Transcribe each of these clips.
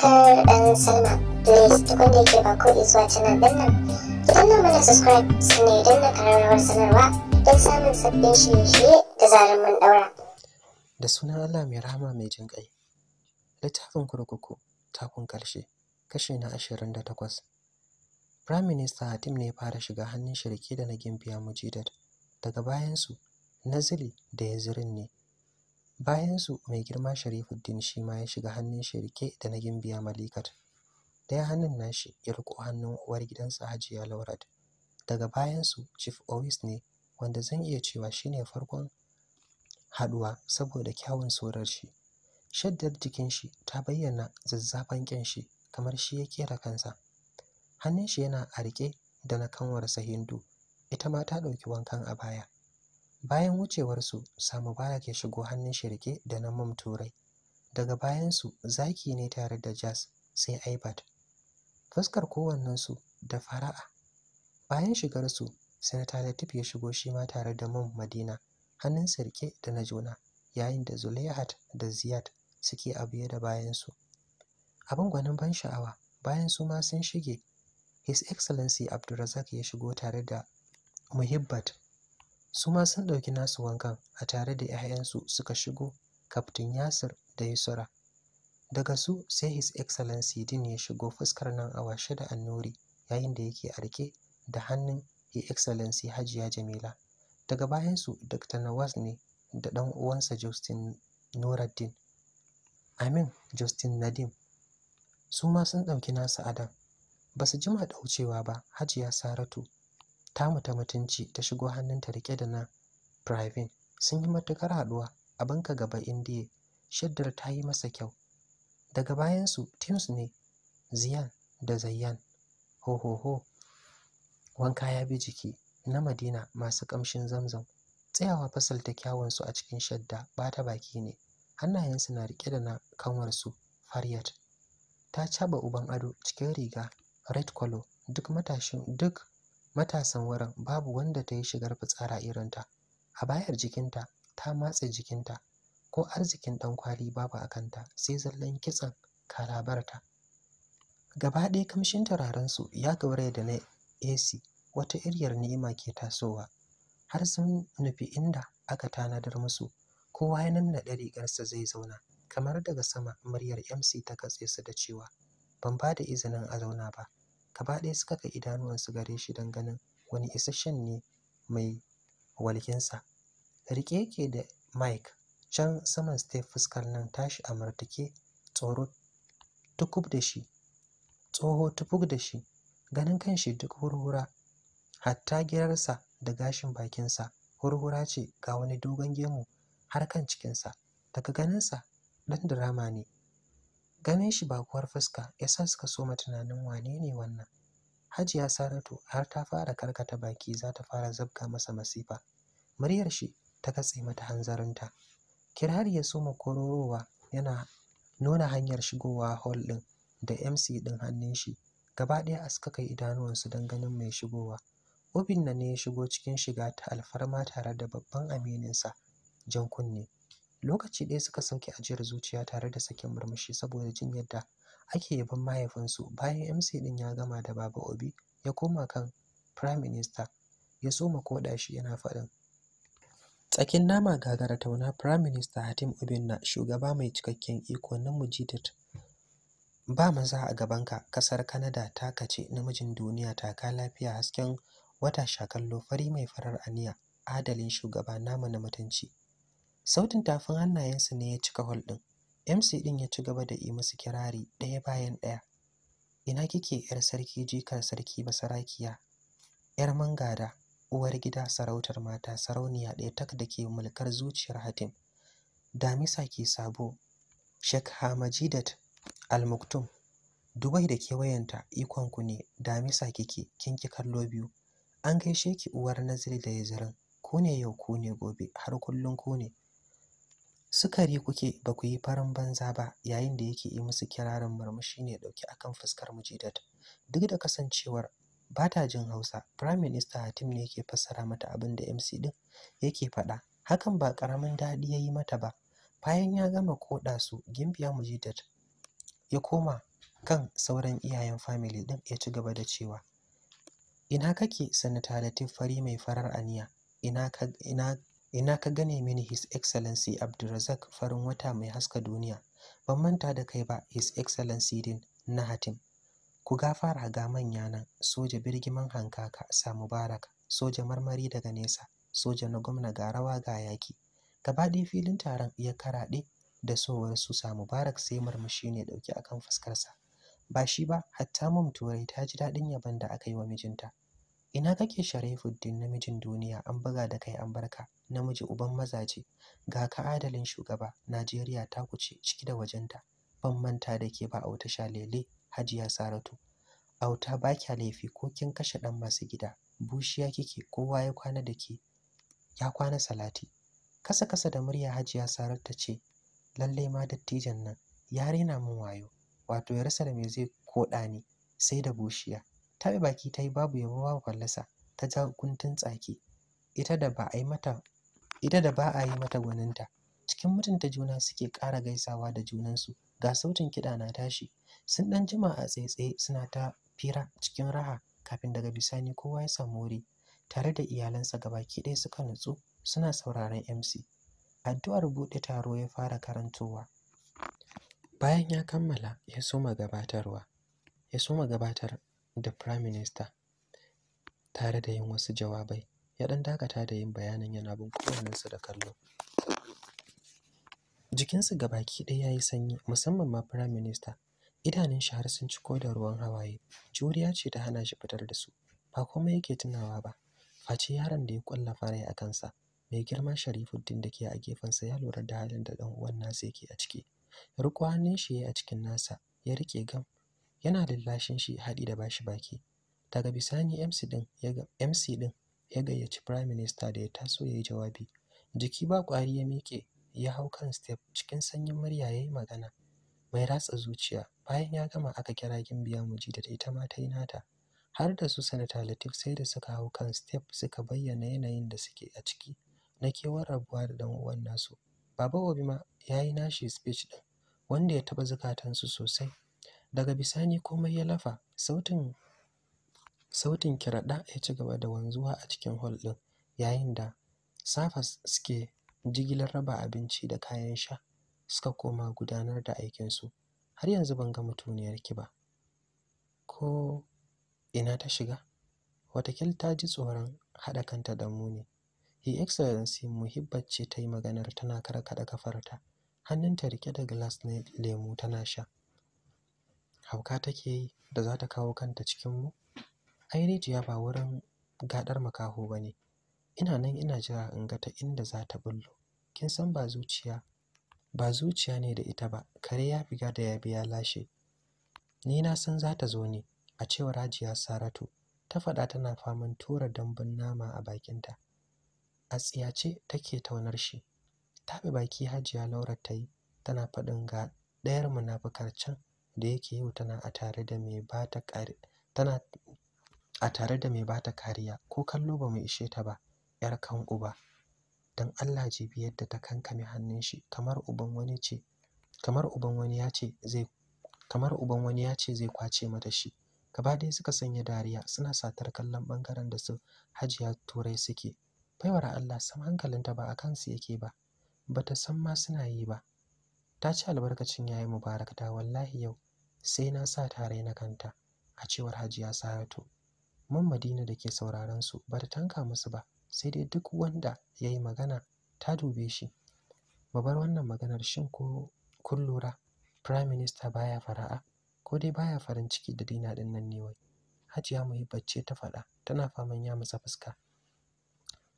subscribe and sign up. Please ke ba ko nan. subscribe sanarwa don samun sabbin shirye-shirye da zarar Da sunan Allah mai rahama mai jin ƙai. Littafin kurkuku takun ƙarshe kashe na ashirin da takwas. Prime Minister Hatim ne ya fara shiga hannun shirke da na Gimbiya Mujidat. Daga bayansu, Nazili da Yazirin ne bayansu mai girma sharifuddin shi ma ya shiga hannun shi rike da na gimbiya malikat ɗaya hannun nashi ya riko hannun uwar gidansa hajiya laurat daga bayansu chief owis ne wanda zan iya cewa shi ne farkon haɗuwa saboda kyawun surar shi shaddar jikin shi ta bayyana zazzafan kyan shi kamar shi ya kera kansa hannun shi yana a riƙe da na kanwarsa hindu ita ma ta ɗauki wankan a baya bayan wucewarsu samubarak ya shigo hannun shirke da na mum turai daga bayansu zaki ne tare da jazz sai aibat fuskar kowannensu da fara'a bayan shigarsu sanata latif ya shigo shi ma tare da mum madina hannun sirke da na juna yayin da zulaihat da ziyad suke a biye da bayansu abin gwanin ban sha'awa bayan su ma sun shige his excellency abdulrazak ya shigo tare da muhibbat su ma sun ɗauki nasu wankan a tare da 'ya'yansu suka shigo kaftin yasir da yusra daga su sai his excellency din ya shigo fuskar nan a washe da annuri yayin da yake arke da hannun his excellency hajiya jamila daga bayansu dr nawaz ne da ɗan uwansa justin Noraddin, amin justin nadim su ma sun ɗauki nasu adam ba su jima ɗaucewa ba hajiya saratu tamu ta mutunci ta shigo hannunta rike da na Pravin sun yi matukar haduwa a banka gaba indiya shaddar ta yi masa kyau daga bayansu tims ne ziyan da zayyan ho ho ho wanka ya bi jiki na madina masu kamshin zamzam tsayawa fasal ta su a cikin shadda bata baki ne hannayensu na rike da na kanwarsu faryat ta caba uban ado cikin riga red color duk matashin duk matasan wurin babu wanda ta yi shigar fitsara ta, a bayar jikinta ta matse jikinta ko arzikin ɗan kwali babu a kanta sai zallan kitsan kalabarta gaba ɗaya kamshin turarensu ya gauraya da na ac wata iryar ni'ima ke tasowa har sun nufi inda aka tanadar musu kowa ya nannaɗe rigarsa zai zauna kamar daga sama muryar mc ta katse su da cewa ban ba da izinin a zauna ba gaba ɗaya suka kai idanuwansu gare shi don ganin wani isasshen ne mai walƙinsa rike yake da mike can saman step fuskar nan tashi a martake tsoro tukub da shi tsoho tukub da shi ganin kanshi duk hurhura hatta girarsa da gashin bakinsa hurhura ce ga wani dogon gemu har kan cikinsa daga ganinsa ɗan dirama ne Ganin shi bakuwar fuska ya sa suka soma tunanin wane ne wannan. Hajiya Saratu har ta fara karkata baki za ta fara zabga masa masifa. Muryar shi ta katse mata hanzarinta. Kirari ya soma kororowa yana nuna hanyar shigowa hall ɗin da MC ɗin hannun shi. Gaba ɗaya a suka kai idanuwansu don ganin mai shigowa. Obinna ne ya shigo cikin shiga ta alfarma tare da babban amininsa, jan kunne. lokaci ɗaya suka sauke ajiyar zuciya tare da sakin murmushi saboda jin yadda ake yaban mahaifinsu bayan mc ɗin ya gama da baba obi ya koma kan prime minister ya soma koɗa shi yana faɗin tsakin nama gagara tauna prime minister hatim na shugaba mai cikakken iko na mujidat ba maza a gaban ka, kasar Kanada ta kace namijin duniya taka lafiya hasken wata shakallo fari mai farar aniya adalin shugaba namu na mutunci Sautin tafin hannayensu ne ya cika hol ɗin. MC ɗin ya ci gaba da yi musu kirari ɗaya bayan ɗaya. Ina kike ‘yar sarki jikar sarki basarakiya, ‘yar mangada, uwar gida sarautar mata sarauniya ɗaya tak da ke mulkar zuciyar hatim. Damisa ke sabo, shek Hamajidat almuktum Dubai da kewayenta ikonku ne, damisa kike, kin ki kallo biyu. An gaishe ki uwar naziri da Yazirin, ku ne yau ku ne gobe har kullum ku ne. sukari kuke ba ku yi farin banza ba yayin da yake yi musu kirarin murmushi ne dauke akan fuskar mujidat duk da kasancewar ba ta jin hausa prime minister hatim ne yake fassara mata abin da mc din yake faɗa hakan ba ƙaramin daɗi ya yi mata ba bayan ya gama koɗa su gimbiya mujidat ya koma kan sauran iyayen family din ya ci gaba da cewa ina kake sanata latif fari mai farar aniya ina ka ina ina ka gane mini his excellency abdulrazak farin wata mai haska duniya ban manta da kai ba his excellency din na hatim ku gafara ga manya nan soja birgiman hankaka sa mubarak soja marmari daga nesa soja na gwamna ga rawa ga yaki ɗaya filin taron ya karaɗe da sowar su sa mubarak sai murmushi ne ɗauke akan fuskarsa ba shi ba hatta mum turai ta ji daɗin yabon da aka yi wa mijinta ina kake sharifuddin namijin duniya an buga da kai an barka namiji uban mazaje ga ka adalin shugaba najeriya ta kuce ciki da wajenta ban manta da ke ba auta shalele hajiya saratu auta ba kya laifi ko kin kashe dan masu gida bushiya kike kowa ya kwana da ke ya kwana salati kasa kasa da murya hajiya saratu ta ce lallai ma dattijan nan ya rena min wayo wato ya rasa da me zai koɗa ni sai da bushiya ta bi baki ta yi babu yabo babu fallasa ta ja guntun tsaki ita da ba a yi mata ita da ba a yi mata gwaninta cikin mutunta juna suke ƙara gaisawa da junansu ga sautin kiɗa na tashi sun ɗan jima a tsaitsaye suna ta fira cikin raha kafin daga bisani kowa ya samu wuri tare da iyalansa gabaki ɗaya suka nutsu suna sauraron MC. Addu'ar buɗe taro ya fara karantowa. Bayan ya kammala ya soma gabatarwa. Ya soma gabatar da Firaminista, tare da yin wasu jawabai. Ya ɗan dakata da yin bayanin yana bin kowannensu da kallo. Jikinsu ga baki ɗaya ya yi sanyi, musamman ma Prime Minister. Idanun shi har sun ciko da ruwan hawaye. Juriya ce ta hana shi fitar da su. Ba komai yake tunawa ba. Face yaron da ya ƙwallafa farai a kansa. Mai girma Sharifuddin da ke a gefensa ya lura da halin da ɗan uwan nasa yake a ciki. Riƙo hannun shi ya yi a cikin nasa, ya riƙe gam yana lashin shi haɗi da bashi baki daga bisani MC din ya MC din ya gayyaci prime minister da ya taso yayi jawabi jiki ba ƙwari ya miƙe ya hau kan step cikin sanyin murya yayi magana mai ratsa zuciya bayan ya gama aka kira Gimbiya Mujida da ita ma ta yi nata har da su sanata Latif sai da suka hau kan step suka bayyana yanayin da suke a ciki na kewar rabuwa da dan uwan nasu Baba Obi ma yayi nashi speech ɗin, wanda ya taɓa zukatansu sosai daga bisani komai ya lafa sautin sautin kiraɗa ya ci gaba da wanzuwa a cikin hall ɗin yayin da safas suke jigilar raba abinci da kayan sha suka koma gudanar da aikinsu har yanzu ban ga mutuniyar ki ba ko ina ta shiga watakil ta ji tsoron haɗa kanta da mu ne Yi excellency muhibbat ce ta yi maganar tana karkaɗa kafarta hannunta rike da glass na lemu tana sha hauka take yi da za ta kawo kanta cikinmu ai rijiya ba wurin gaɗar makaho ba ne ina nan ina jira in ga ta inda za ta bullo kin san ba zuciya ba zuciya ne da ita ba kare ya fi da ya biya lashe ni na san za ta zo ne a cewar hajiya saratu ta faɗa tana faman tura dambun nama a bakinta a tsiyace take taunar shi taɓe baki hajiya laura ta yi tana faɗin ga ɗayar munafukar can da yake yau tana a tare da mai bata tana a tare da mai ta kariya ko kallo ba mu ishe ta ba yar kan uba dan Allah jibi yadda ta kankame hannun shi kamar uban wani ce kamar uban wani ya ce zai kamar uban wani ya ce zai kwace mata shi gaba ɗaya suka sanya dariya suna satar kallon bangaren da su hajiya turai suke baiwar Allah sam hankalinta ba a kansu yake ba Ba ta san ma suna yi ba ta ci albarkacin yayi mubarak da wallahi yau sai na sa ta na kanta a cewar hajiya saratu man madina da ke sauraron su ba ta tanka musu ba sai dai duk wanda ya yi magana ta dube shi Babar bar wannan maganar shin ko kun lura prime minister baya fara'a ko dai baya farin ciki da dina din nan ne wai hajiya bacce ta faɗa tana faman ya musa fuska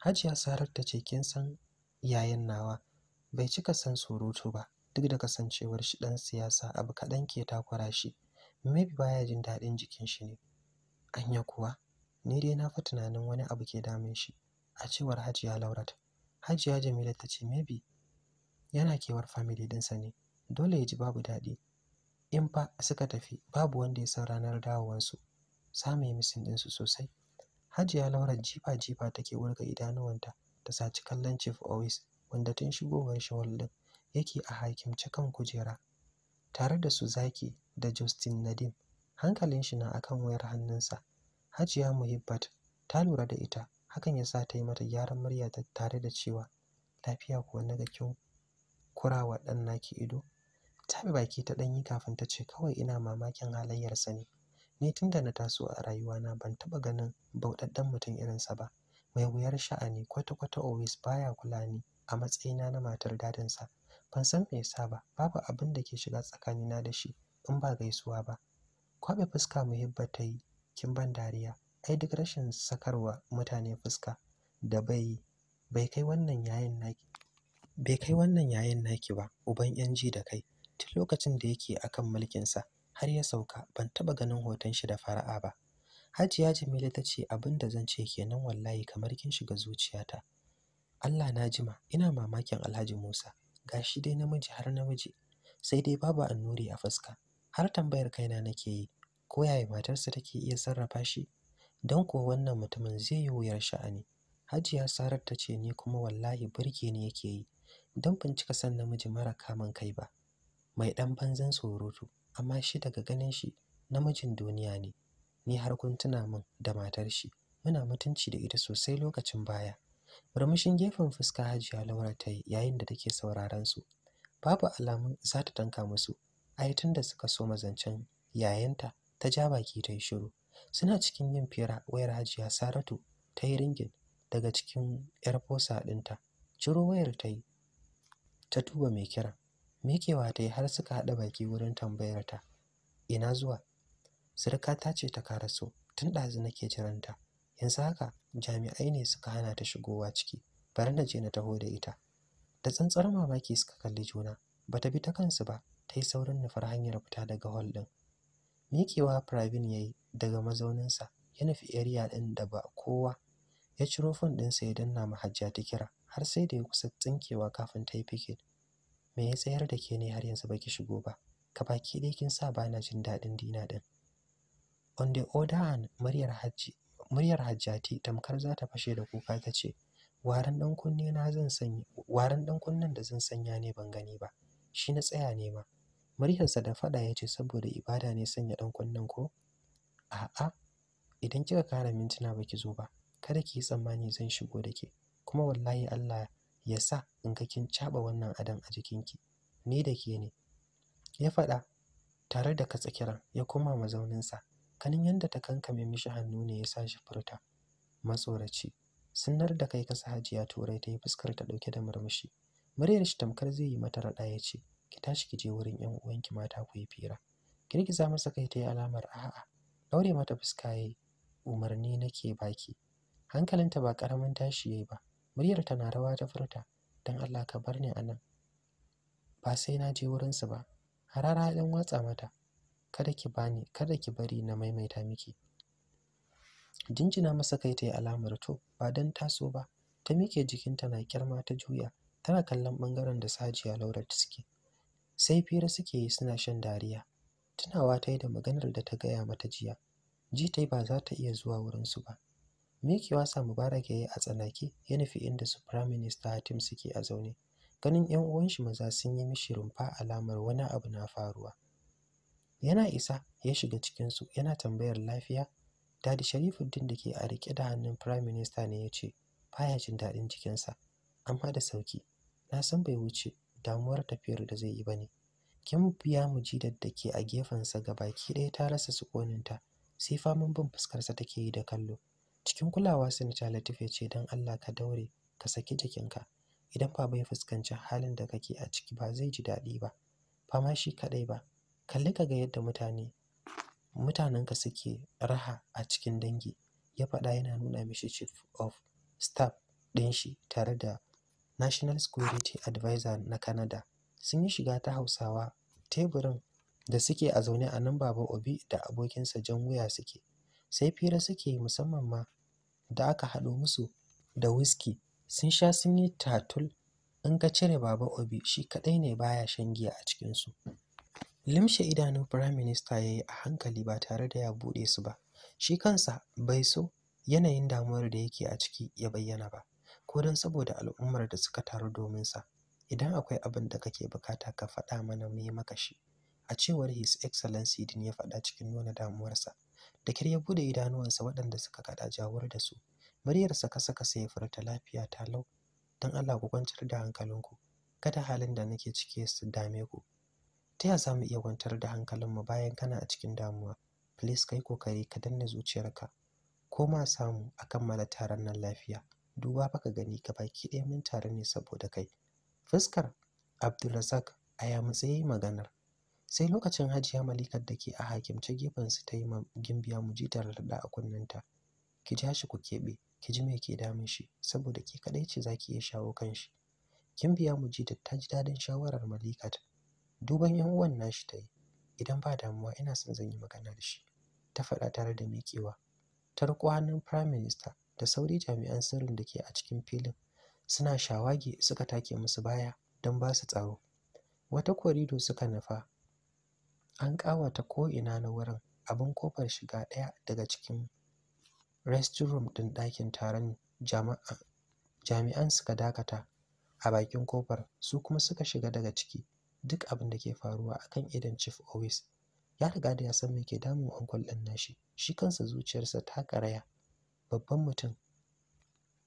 hajiya sarar ta ce kin san yayin nawa bai cika san surutu ba duk da kasancewar shi ɗan siyasa abu kaɗan ke takura shi maybe baya jin daɗin jikin shi ne anya kuwa ni dai na fi tunanin wani abu ke damun shi a cewar hajiya laurat hajiya jamila ta ce maybe yana kewar family ɗinsa ne dole ya ji babu daɗi in fa suka tafi babu wanda ya san ranar dawowansu samun yi misin ɗinsu sosai hajiya laurat jifa-jifa take wurga idanuwanta ta saci kallon chief always wanda tun shigowar shawal yake a hakimce kan kujera tare da su zaki da Justin Nadim hankalin shi na akan wayar hannunsa Hajiya Muhibbat ta lura da ita hakan ya sa ta yi mata gyaran murya tare da cewa lafiya ko na ga kin kurawa dan naki ido bi baki ta danyi kafin ta ce kawai ina mamakin halayyarsa ne ni tunda na taso a rayuwana ban taba ganin bauɗaɗɗen mutum irinsa ba mai wuyar sha'ani kwata-kwata always baya kula ni a matsayina na matar dadinsa ban san me yasa ba babu abin da ke shiga tsakanina da shi in ba gaisuwa ba kwaɓe fuska muhibba ta yi kin ban dariya ai duk rashin sakarwa mutane fuska da bai bai kai wannan yayin naki bai kai wannan yayin naki ba uban 'yanji da kai tun lokacin da yake akan mulkinsa har ya sauka ban taɓa ganin hoton shi da fara'a ba Hajiya Jamilu ta ce abin da zan ce kenan wallahi kamar kin shiga zuciyata. Allah na jima ina mamakin Alhaji Musa gashi dai namiji har namiji sai dai babu annuri a fuska har tambayar kaina nake yi ko yaya matarsa take iya sarrafa shi don ko wannan mutumin zai yi wuyar sha'ani hajiya sarar ta ce ni kuma wallahi burge ni yake yi don bincika cika san namiji mara kamun kai ba mai dan banzan surutu amma shi daga ganin shi namijin duniya ne ni har kun tuna min da matar shi muna mutunci da ita sosai lokacin baya murmushin gefen fuska hajiya laura ta yi yayin da take sauraron su babu alamun za ta tanka musu ai tun da suka so mazancen yayanta ta ja baki ta yi shiru suna cikin yin fira wayar hajiya saratu ta yi ringin daga cikin yar fosa ɗinta ciro wayar ta yi ta tuba mai kira mikewa ta yi har suka haɗa baki wurin tambayar ta ina zuwa sirka ta ce ta karaso tun ɗazu nake jiranta yanzu haka jami'ai ne suka hana ta shigowa ciki bari na je na taho da ita da tsantsar mamaki suka kalli juna bata bi ta kansu ba ta yi saurin nufar hanyar fita daga hol ɗin miƙewa pravin ya yi daga mazauninsa ya nufi area ɗin da ba kowa ya ciro fon ɗinsa ya danna ma hajja ta kira har sai da ya kusa tsinkewa kafin ta yi fikin me ya tsayar da ke ne har yanzu baki shigo ba ka baki ɗaya kin sa bana jin daɗin dina ɗin on the other hand muryar hajji muryar hajjati tamkar za ta fashe da kuka ta ce waran dan kunne na zan sanya kunnen da zan sanya ne ban gani ba shi na tsaya ne ma muryarsa da faɗa ya ce saboda ibada ne sanya dan kunnen ko a'a idan kika kara mintuna ba ki zo ba kada ki yi tsammani zan shigo da ke kuma wallahi Allah ya sa in ga kin caɓa wannan adon a jikinki ni da ke ne ya faɗa, tare da kiran ya koma mazauninsa ganin yadda ta kankame mishi hannu ne ya sa shi furta matsoraci sunnar da kai kasa hajiya turai ta yi fuskar ta ɗauke da murmushi muryar shi tamkar zai yi mata raɗa ya ce ki tashi ki je wurin yan uwanki mata ku yi fira girgiza masa kai ta yi alamar a'a ɗaure mata fuska ya yi umarni nake baki hankalinta ba ƙaramin tashi yi ba muryar tana rawa ta furta Don Allah ka bar ni nan ba sai na je wurinsu su ba harara ɗan watsa mata kada ki bani kada ki bari na maimaita miki jinjina masa kai ta yi alamar to ba dan taso ba ta miƙe jikinta na kyarma ta juya tana kallon bangaren da sajiya laura ta suke sai fira suke yi suna shan dariya tunawa ta yi da maganar da ta gaya mata jiya ji ta ba za ta iya zuwa wurinsu ba miki sa mubarak ya yi a tsanaki. ya nufi inda su prime minister hatim suke a zaune ganin 'yan uwan shi maza sun yi mishi rumfa alamar wani abu na faruwa yana isa ya shiga cikinsu yana tambayar lafiya dadi sharifuddin da ke a rike da hannun prime minister ne ya ce baya jin daɗin jikinsa amma da sauki na san bai wuce damuwar tafiyar da zai yi ba ne kin biya mujidar da ke a gefensa ga baki ɗaya ta rasa sukoninta sai faman bin fuskarsa take yi da kallo cikin kulawa na latif ya ce don allah ka daure ka saki jikinka idan ba bai fuskanci halin da kake a ciki ba zai ji daɗi ba fama shi kaɗai ba kalli ka ga yadda mutane mutanenka suke raha a cikin dangi ya faɗa yana nuna mishi chief of staff ɗin shi tare da national security advisor na canada sun yi shiga ta hausawa teburin da suke a zaune a nan baba obi da abokinsa jan wuya suke sai fira suke musamman ma da aka haɗo musu da whisky sun sha sun yi tatul in ka cire baba obi shi kaɗai ne baya shan giya a cikinsu limshe idanun Firaminista ya yi a hankali ba tare da ya buɗe su ba shi kansa bai so yanayin damuwar da yake a ciki ya bayyana ba ko don saboda al'ummar da suka taru domin sa idan akwai abin da kake bukata ka faɗa mana mu yi maka shi a cewar his excellency din ya faɗa cikin nuna damuwarsa da kyar ya bude idanuwansa waɗanda suka kaɗa jawar da su muryarsa kasa kasa ya furta lafiya ta lau don Allah ku kwantar da hankalinku kada halin da nake ciki su dame ku ta ya za iya kwantar da hankalinmu bayan kana a cikin damuwa please kai kokari ka danna zuciyarka ko ma samu a kammala taron nan lafiya duba baka gani ka baki ɗaya mun tare ne saboda kai fuskar abdulrazak a matsayi ya yi maganar sai lokacin hajiya malikar da ke a hakimce gefen su ta yi gimbiya mujitar raɗa a ta. ki ja shi ku keɓe ki ji me ke damun shi saboda ke kaɗai ce za ki iya shawo kan shi gimbiya mujita ta ji dadin shawarar malikat duban yan uwan nashi ta yi idan ba damuwa ina son zan yi magana da shi ta faɗa tare da miƙewa ta riƙo hannun prime minister da sauri jami'an sirrin da ke a cikin filin suna shawagi suka take musu baya don ba su tsaro wata korido suka nufa an ƙawata ko'ina na wurin abin kofar shiga ɗaya daga cikin restroom ɗin ɗakin taron jami'an suka dakata a bakin kofar su kuma suka shiga daga ciki duk abin da ke faruwa akan idon Chief Owis. Ya riga da ya san me ke damun uncle ɗin nashi, shi kansa zuciyarsa ta karaya. Babban mutum.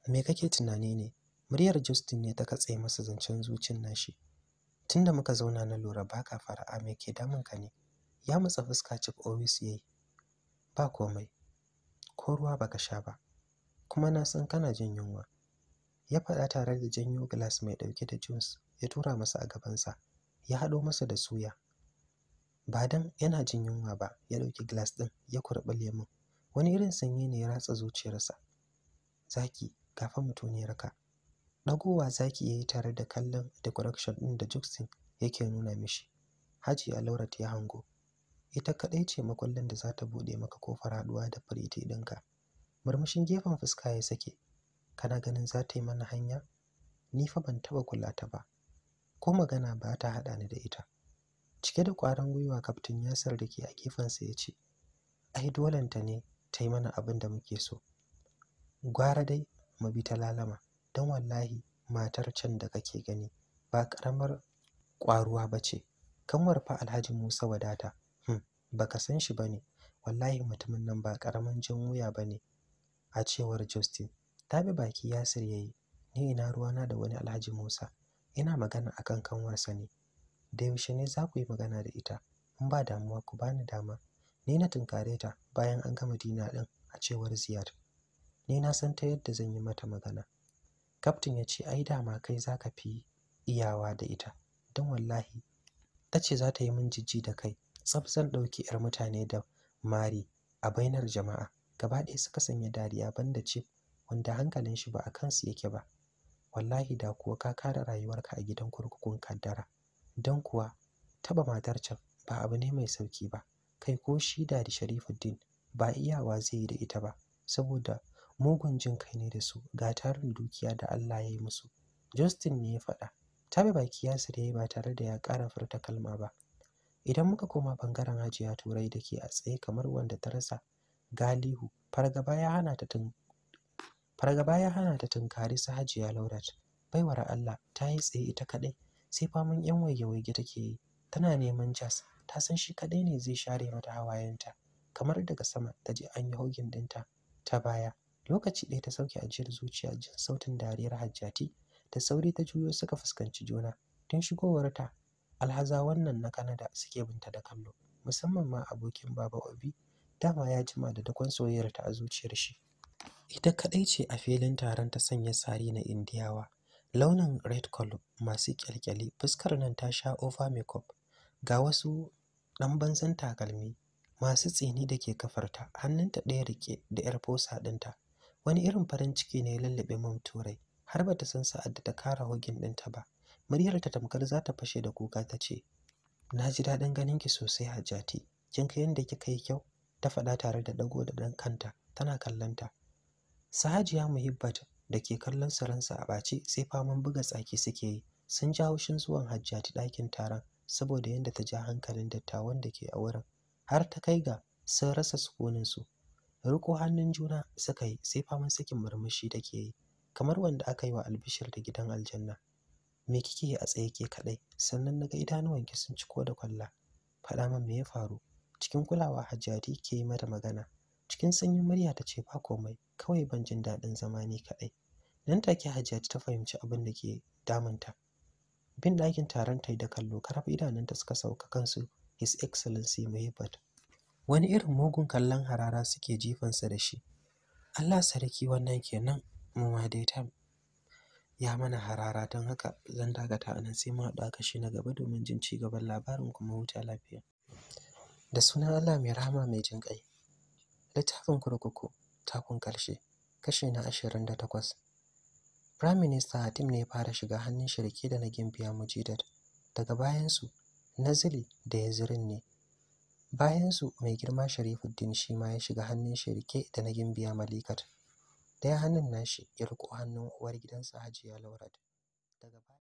Me kake tunani ne? Muryar Justin ne ta katse masa zancen zuciyar nashi. Tunda muka zauna na lura baka fara'a me ke damun ka ne? Ya matsa fuska Chief Owis yayi. Ba komai. Ko ruwa baka sha ba. Kuma na san kana jin yunwa. Ya faɗa tare da janyo glass mai ɗauke da juice ya tura masa a gabansa. ya haɗo masa da suya ba don yana jin yunwa ba ya ɗauki glass ɗin ya kurɓi lemun wani irin sanyi ne ya ratsa zuciyarsa zaki kafa mutuniyar ka ɗagowa zaki ya yi tare da kallon decoration ɗin da Juxin yake nuna mishi a laurat ya hango ita kaɗai ce makullin da za ta buɗe maka kofar haɗuwa da firiti ɗinka murmushin gefen fuska ya sake kana ganin za ta yi mana hanya ni fa ban taɓa kula ta ba ko magana ba ta haɗa ni da ita cike da ƙwarin gwiwa kaftin Yasir da ke a gefensa ya ce ai dolenta ne ta yi mana abin da muke so gwara dai mu bi ta lalama don wallahi matar can da kake gani ba ƙaramar ƙwaruwa ba ce kanwar fa alhaji musa wadata hmm. baka san shi ba ne wallahi mutumin nan ba ƙaramin jan wuya ba ne a cewar justin ta bi baki yasir ya yi ni ina ruwana da wani alhaji musa ina magana akan kanwarsa ne da yaushe ne za ku yi magana da ita in ba damuwa ku bani dama ni na tunkare ta bayan an gama dina ɗin, a cewar ziyar ni na san ta yadda zan yi mata magana kaftin ya ce ai dama kai za ka fi iyawa da ita don wallahi ta ce za ta yi min jijji da kai tsaf zan ɗauki 'yar mutane da mari a bainar jama'a gaba ɗaya suka sanya dariya banda ce wanda hankalin shi ba a kansu yake ba wallahi da kuwa ka kare rayuwarka a gidan kurkukun kaddara don kuwa taɓa matar can ba abu ne mai sauki ba kai ko shi da Sharifuddin ba iyawa zai yi da ita ba saboda mugun jin kai ne da su ga tarin dukiya da Allah ya yi musu Justin ne ya faɗa tabe baki ya sire ba tare da ya ƙara furta kalma ba idan muka koma bangaren Hajiya Turai da ke a tsaye kamar wanda ta rasa galihu fargaba ya hana ta tun fargaba ya hana ta tunkari su hajiya laurat baiwar allah ta yi tsaye ita kadai. sai faman yan waige-waige take yi tana neman jas ta san shi kadai ne zai share mata hawayenta kamar daga sama ta je an yi hogin ɗinta ta baya lokaci ɗaya ta sauke ajiyar zuciya jin sautin dariyar hajjati da sauri ta juyo suka fuskanci juna tun shigowar ta. alhaza wannan na kanada suke binta da kallo musamman ma abokin baba obi dama ya jima da dakon soyayyarta a zuciyar shi ita kadai ce a filin taron ta sanya sari na indiyawa launin red color masu kyalkyali fuskar nan ta sha over makeup ga wasu ɗan banzan takalmi masu tsini da ke kafarta hannunta ɗaya rike da yar fosa ɗinta wani irin farin ciki ne ya lallaɓe mam turai har ba ta san sa'ad da ta kara hogin ɗinta ba muryar ta tamkar za ta fashe da kuka ta ce na ji daɗin ganin ki sosai hajjati kin kai yadda kika yi kyau ta faɗa tare da ɗago da ɗan kanta tana kallonta su hajiya muhibbat da ke kallon saransa a ɓace sai faman buga tsaki suke yi sun ja haushin zuwan hajjati ɗakin taron saboda yadda ta ja hankalin dattawan da ke a wurin har ta kai ga sun rasa sukuninsu riko hannun juna suka yi sai faman sakin murmushi take yi kamar wanda aka yi wa albishir da gidan aljanna me kike yi a tsaye ke kaɗai sannan na naga wanke sun ciko da kwalla faɗa min me ya faru cikin kulawa hajjati ke yi mata magana cikin sanyin murya ta ce ba komai kawai ban jin daɗin zama ni kaɗai nan take hajiya ta fahimci abin da ke damunta bin ɗakin taron ta yi da kallo karaf idanunta suka sauka kansu his excellency muhibbat wani irin mugun kallon harara suke jifansa da shi allah sarki wannan kenan mu ma dai ta ya mana harara don haka zan dakata a nan sai mu haɗu a kashi na gaba domin jin ci gaban labarin kuma huta lafiya da sunan allah mai rahama mai jin ƙai littafin kurkuku takun ƙarshe kashi na ashirin da takwas Prime Minister Hatim ne ya fara shiga hannun shirke da na Gimbiya Mujidat daga bayansu Nazili da Yazirin ne bayansu mai girma Sharifuddin shi ma ya shiga hannun shirke da na Gimbiya Malikat ɗaya hannun nashi ya riko hannun uwar gidansa Hajiya Laurat daga